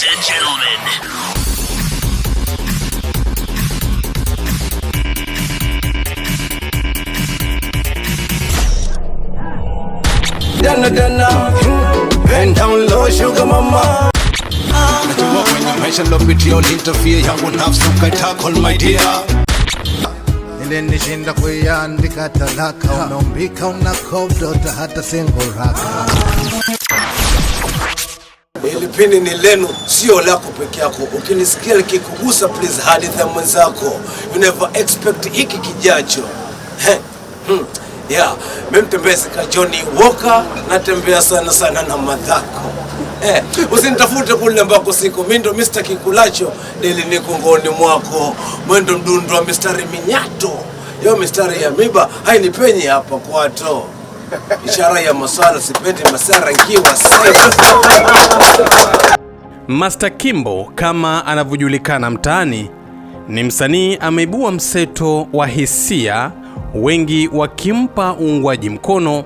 Ladies and gentlemen, Donna, Donna, bend down low, sugar mama. Measure up with your interfere, I would have some kind talk on my dear. nilishinda kuiandika talaka, unaombika unakobdota hata singo kipindi ni lenu, sio lako peke yako. Ukinisikia likikugusa, please hadithi ya mwenzako, you never expect hiki kijacho. Hmm. Yeah, mimi mtembezi ka Johnny Walker natembea sana sana na madhako. Eh, usinitafute kule ambako siko. Mimi ndo Mr. Kikulacho, nili niko ngoni mwako. Mwendo mdundo wa mistari minyato. Yo mistari ya miba hainipenyi hapa kwato ishara ya maswala, sipendi masara nkiwa Master Kimbo kama anavyojulikana mtaani, ni msanii ameibua mseto wa hisia, wengi wakimpa uungwaji mkono,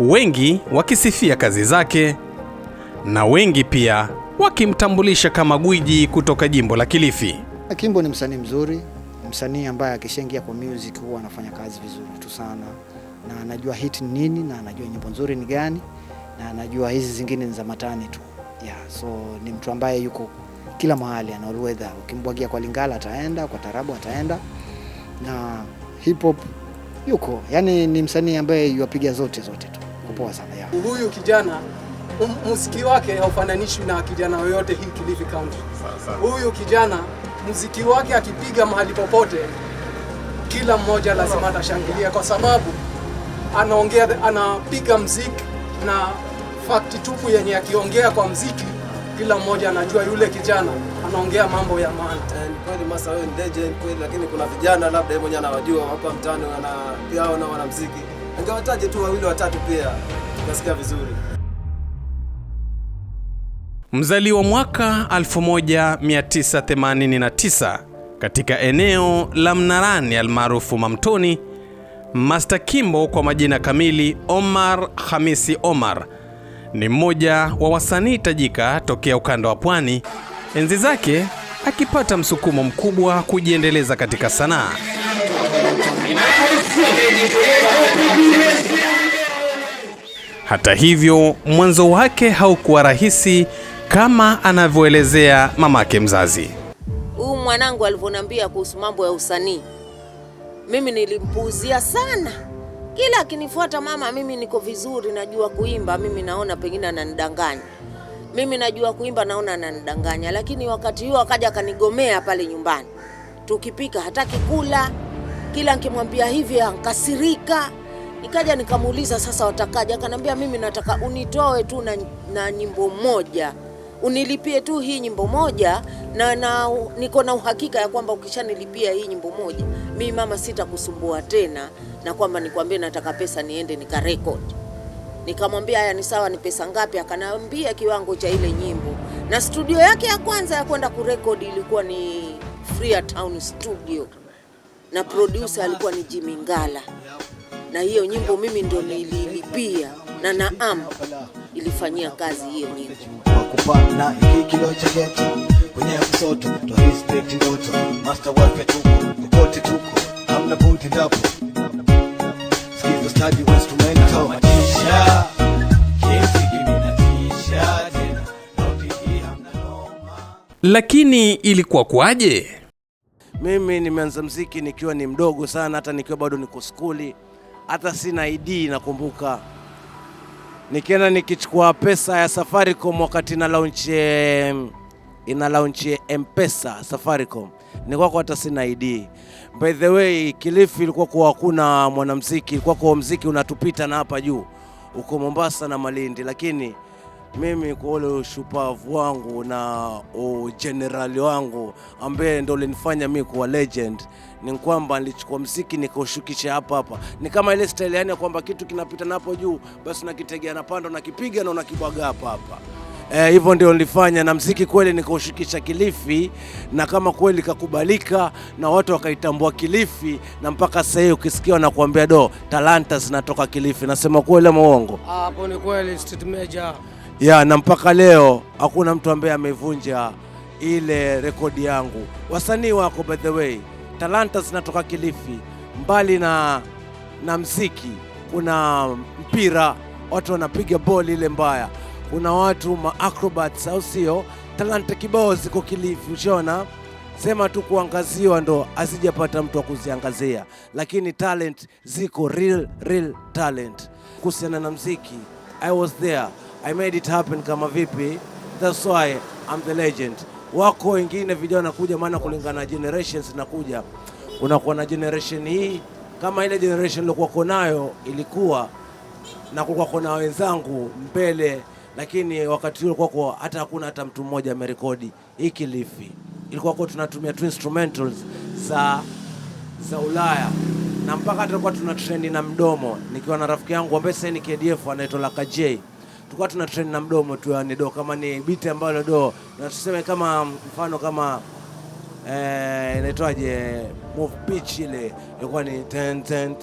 wengi wakisifia kazi zake na wengi pia wakimtambulisha kama gwiji kutoka jimbo la Kilifi. Kimbo ni msanii mzuri, msanii ambaye akishaingia kwa music huwa anafanya kazi vizuri tu sana na anajua hit ni nini na anajua nyimbo nzuri ni gani na anajua hizi zingine ni za matani tu. Yeah, so ni mtu ambaye yuko kila mahali ana alwedha. Ukimbwagia kwa Lingala ataenda, kwa tarabu ataenda na hip hop yuko. Yani ni msanii ambaye yuapiga zote zote tu. kupoa sana yeah. Huyu kijana um, muziki wake haufananishwi na kijana yoyote hii Kilifi County. Huyu kijana muziki wake akipiga mahali popote, kila mmoja lazima atashangilia kwa sababu anaongea, anapiga mziki na fakti tupu yenye akiongea kwa mziki, kila mmoja anajua yule kijana anaongea mambo ya maana. Eh, ni kweli Masa, wewe ni legend kweli, lakini kuna vijana labda yeye mwenyewe anawajua hapa mtaani, wana pia hao wana mziki, angewataje tu wawili watatu, pia tukasikia vizuri. Mzaliwa mwaka 1989 katika eneo la Mnarani almaarufu Mamtoni Master Kimbo kwa majina kamili Omar Hamisi Omar ni mmoja wa wasanii tajika tokea ukanda wa Pwani, enzi zake akipata msukumo mkubwa kujiendeleza katika sanaa. Hata hivyo, mwanzo wake haukuwa rahisi kama anavyoelezea mamake mzazi. Huyu mwanangu alivyoniambia kuhusu mambo ya usanii mimi nilimpuuzia sana, kila akinifuata mama, mimi niko vizuri, najua kuimba. Mimi naona pengine ananidanganya, mimi najua kuimba, naona ananidanganya. Lakini wakati huo akaja akanigomea pale nyumbani, tukipika hataki kula. Kila nikimwambia hivi ankasirika. Nikaja nikamuuliza sasa watakaja akanambia mimi nataka unitoe tu na, na nyimbo moja unilipie tu hii nyimbo moja na, na niko na uhakika ya kwamba ukishanilipia hii nyimbo moja, mi mama sitakusumbua tena, na kwamba nikwambie nataka pesa niende nikarekod Nikamwambia haya, ni sawa, ni pesa ngapi? akanambia kiwango cha ile nyimbo. Na studio yake ya kwanza ya kwenda kurekodi ilikuwa ni Town Studio, na producer alikuwa ni Jimmy Ngala, na hiyo nyimbo mimi ndo nililipia, na Naam ilifanyia kazi hiyo nyimbo. Pambana na hiki kilo cha geto, wenyewe kusoto twa respect ndoto, master wafya tuko kokote tuko, hamna budi ndapo skiza stadi wa instrumento matisha Lakini ilikuwa kwaje? Mimi nimeanza mziki nikiwa ni mdogo sana, hata nikiwa bado niko skuli, hata sina ID nakumbuka nikienda nikichukua pesa ya Safaricom wakati ina launch ina launch Mpesa Safaricom nilikuwa kwa hata sina ID. By the way, Kilifi ilikuwa kwa hakuna mwanamuziki, ilikuwa kwa muziki unatupita na hapa juu uko Mombasa na Malindi, lakini mimi kwa ule ushupavu wangu na ujenerali wangu ambaye ndo ulinifanya mi kuwa legend ni kwamba nilichukua mziki nikaushukisha hapa hapa. Ni kama ile style yani kwamba kitu kinapita napo juu, basi unakitegea na pando unakipiga na unakibwaga hapa hapa. Eh, hivyo ndio nilifanya na mziki kweli nikaushukisha Kilifi, na kama kweli kakubalika na watu wakaitambua Kilifi, na mpaka sasa hivi ukisikia wanakuambia do, talanta zinatoka Kilifi. Nasema kweli ama uongo? Hapo ni kweli, street major ya na mpaka leo hakuna mtu ambaye amevunja ile rekodi yangu. Wasanii wako by the way, talanta zinatoka Kilifi. Mbali na, na mziki kuna mpira, watu wanapiga boli ile mbaya, kuna watu acrobats, au sio? Talanta kibao ziko Kilifi, ushaona sema tu kuangaziwa ndo asijapata mtu wa kuziangazia, lakini talent ziko real, real talent. Kuhusiana na mziki I was there I made it happen kama vipi, that's why I'm the legend. Wako wengine vijana nakuja, maana kulingana na generations nakuja, unakuwa na generation hii kama ile generation iliyokuwa nayo ilikuwa na kulikuwa na wenzangu mbele, lakini wakati ule kwako hata hakuna hata mtu mmoja amerekodi hii Kilifi. Ilikuwa kwa tunatumia tu instrumentals za za Ulaya na mpaka hata kwa tuna trendi na mdomo, nikiwa na rafiki yangu ambaye sasa ni KDF anaitwa Laka tulikuwa tuna train na mdomo tu, yani do kama ni beat ambayo do na tuseme kama mfano kama eh, inaitwaje move pitch ile ilikuwa ni ten ten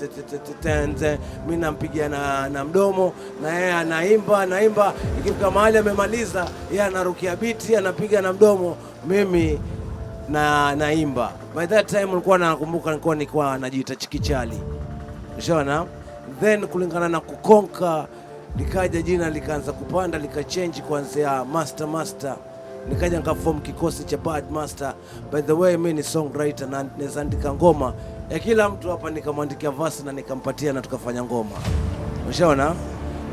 ten ten, mimi nampigia na, na mdomo na yeye anaimba anaimba, ikifika mahali amemaliza yeye anarukia beat anapiga na mdomo, mimi na naimba. By that time nilikuwa nakumbuka nilikuwa nilikuwa najiita chikichali, ushaona then kulingana na kukonka likaja jina likaanza kupanda likachenji, kuanzia master master, nikaja nikaform kikosi cha bad master. By the way, mimi ni songwriter na naweza ngoma ya eh, kila mtu hapa, nikamwandikia verse na nikampatia na tukafanya ngoma. Ushaona,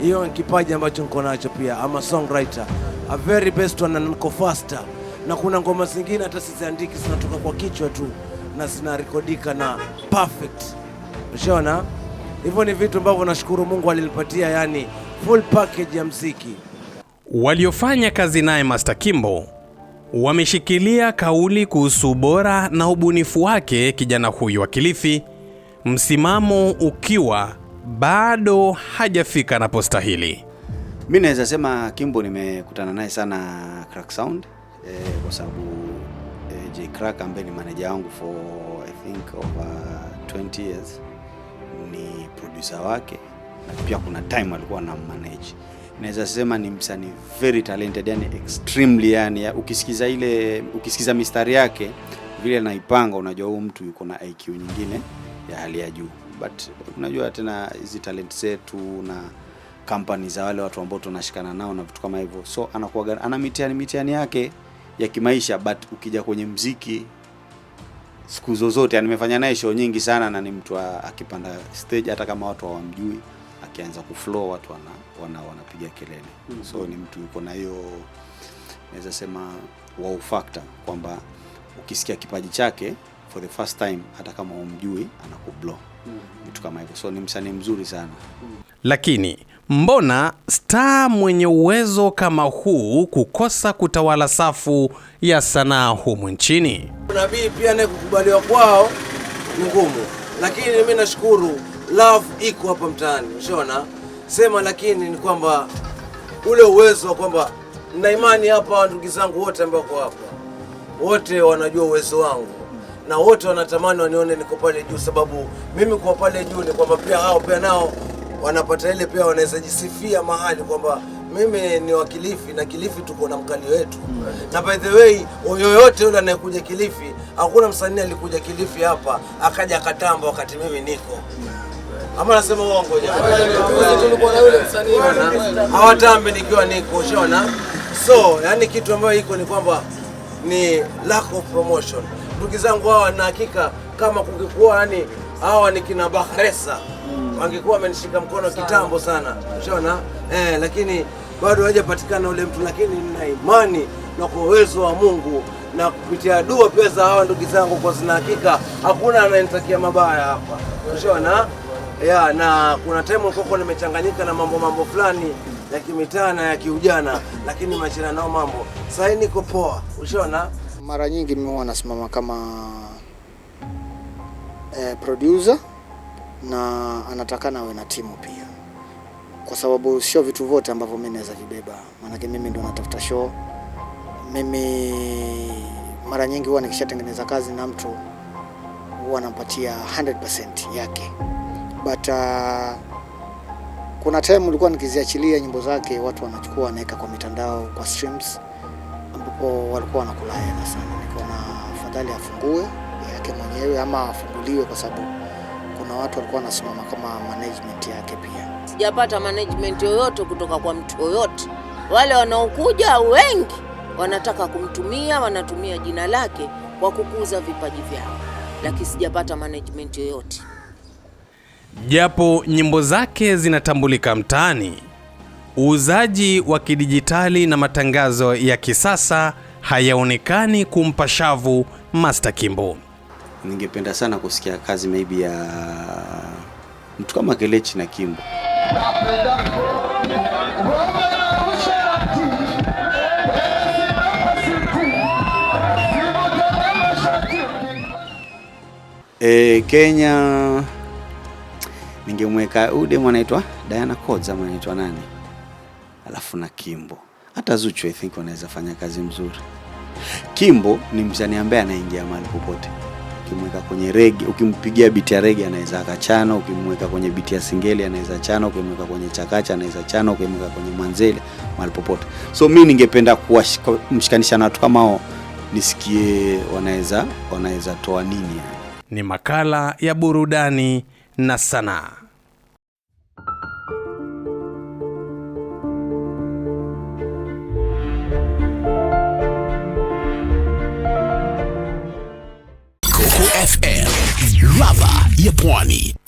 hiyo kipaji ambacho niko nacho pia, ama songwriter a very best one, na niko faster, na kuna ngoma zingine hata siziandiki, zinatoka kwa kichwa tu na zinarekodika na perfect. Ushaona, hivyo ni vitu ambavyo nashukuru Mungu alinipatia yani full package ya mziki. Waliofanya kazi naye Master Kimbo wameshikilia kauli kuhusu ubora na ubunifu wake kijana huyu wa Kilifi, msimamo ukiwa bado hajafika anapostahili. Mi naweza sema Kimbo nimekutana naye sana Crack Sound eh, kwa sababu eh, J Crack ambaye ni manager wangu for I think over 20 years ni producer wake pia kuna time alikuwa na manage. Naweza sema ni msanii very talented, yani extremely, yani ya, ukisikiza ile ukisikiza mistari yake vile anaipanga, unajua huyu mtu yuko na IQ nyingine ya hali ya juu, but unajua tena hizi talent zetu na kampani za wale watu ambao tunashikana nao na vitu kama hivyo, so anakuwa ana mitihani mitihani yake ya kimaisha, but ukija kwenye mziki siku zozote, nimefanya naye show nyingi sana, na ni mtu akipanda stage, hata kama watu hawamjui wa akianza kuflow watu wana, wana, wanapiga kelele mm -hmm. So ni mtu yuko na hiyo naweza sema wow factor kwamba ukisikia kipaji chake for the first time hata kama umjui anakublow mm. vitu mm -hmm. kama hivyo, so ni msanii mzuri sana mm -hmm. Lakini mbona star mwenye uwezo kama huu kukosa kutawala safu ya sanaa humu nchini? Nabii pia naye kukubaliwa kwao ngumu, lakini mimi nashukuru love iko hapa mtaani, unaona sema, lakini ni kwamba ule uwezo wa kwamba na imani hapa, ndugu zangu wote ambao wako hapa wote wanajua uwezo wangu na wote wanatamani wanione niko pale juu, sababu mimi kwa pale juu ni kwamba pia hao pia nao wanapata ile, pia wanaweza jisifia mahali kwamba mimi ni wa Kilifi na Kilifi tuko na mkali wetu mm. Na by the way, yoyote yule anayekuja Kilifi, hakuna msanii alikuja Kilifi hapa akaja akatamba wakati mimi niko mm ama nasema uongo? hawatambi nikiwa niko shona. So yani kitu ambayo iko ni kwamba ni lack of promotion. Ndugu zangu hawa, na hakika kama kungekuwa yani hawa ni kina Bakhresa wangekuwa wamenishika mkono kitambo sana shona eh, lakini bado hajapatikana ule mtu, lakini nina imani na kwa uwezo wa Mungu na kupitia dua pia za hawa ndugu zangu, kwa zina hakika hakuna anayetakia mabaya hapa shona ya na kuna time nilikuwa nimechanganyika na mambo mambo fulani ya kimitaa na ya kiujana, lakini machana nao mambo sasa niko poa. Ushaona, mara nyingi mimi huwa nasimama kama eh, producer na anatakana awe na timu pia, kwa sababu sio vitu vyote ambavyo mimi naweza vibeba, maanake mimi ndo natafuta show. Mimi mara nyingi huwa nikishatengeneza kazi na mtu huwa nampatia 100% yake but uh, kuna time nilikuwa nikiziachilia nyimbo zake watu wanachukua wanaweka kwa mitandao kwa streams, ambapo walikuwa wanakula hela sana. Nikaona afadhali afungue yake mwenyewe ama afunguliwe, kwa sababu kuna watu walikuwa wanasimama kama management yake. Pia sijapata management yoyote kutoka kwa mtu yoyote. Wale wanaokuja wengi wanataka kumtumia, wanatumia jina lake kwa kukuza vipaji vyao, lakini sijapata management yoyote. Japo nyimbo zake zinatambulika mtaani, uuzaji wa kidijitali na matangazo ya kisasa hayaonekani kumpa shavu Master Kimbo. Ningependa sana kusikia kazi maybe ya mtu kama Kelechi na Kimbo. E, Kenya ningemweka ude mwanaitwa Diana Kodza mwanaitwa nani, alafu na Kimbo. Hata Zuchu I think wanaweza fanya kazi mzuri. Kimbo ni msanii ambaye anaingia mahali popote. Ukimweka kwenye rege, ukimpigia biti ya rege anaweza akachana, ukimweka kwenye biti ya singeli anaweza chana, ukimweka kwenye chakacha anaweza chana, ukimweka kwenye manzele mahali popote. So mi ningependa kumshikanisha na watu kama hao, nisikie wanaweza wanaweza toa nini. Ni makala ya burudani na sanaa. Coco FM, ladha ya Pwani.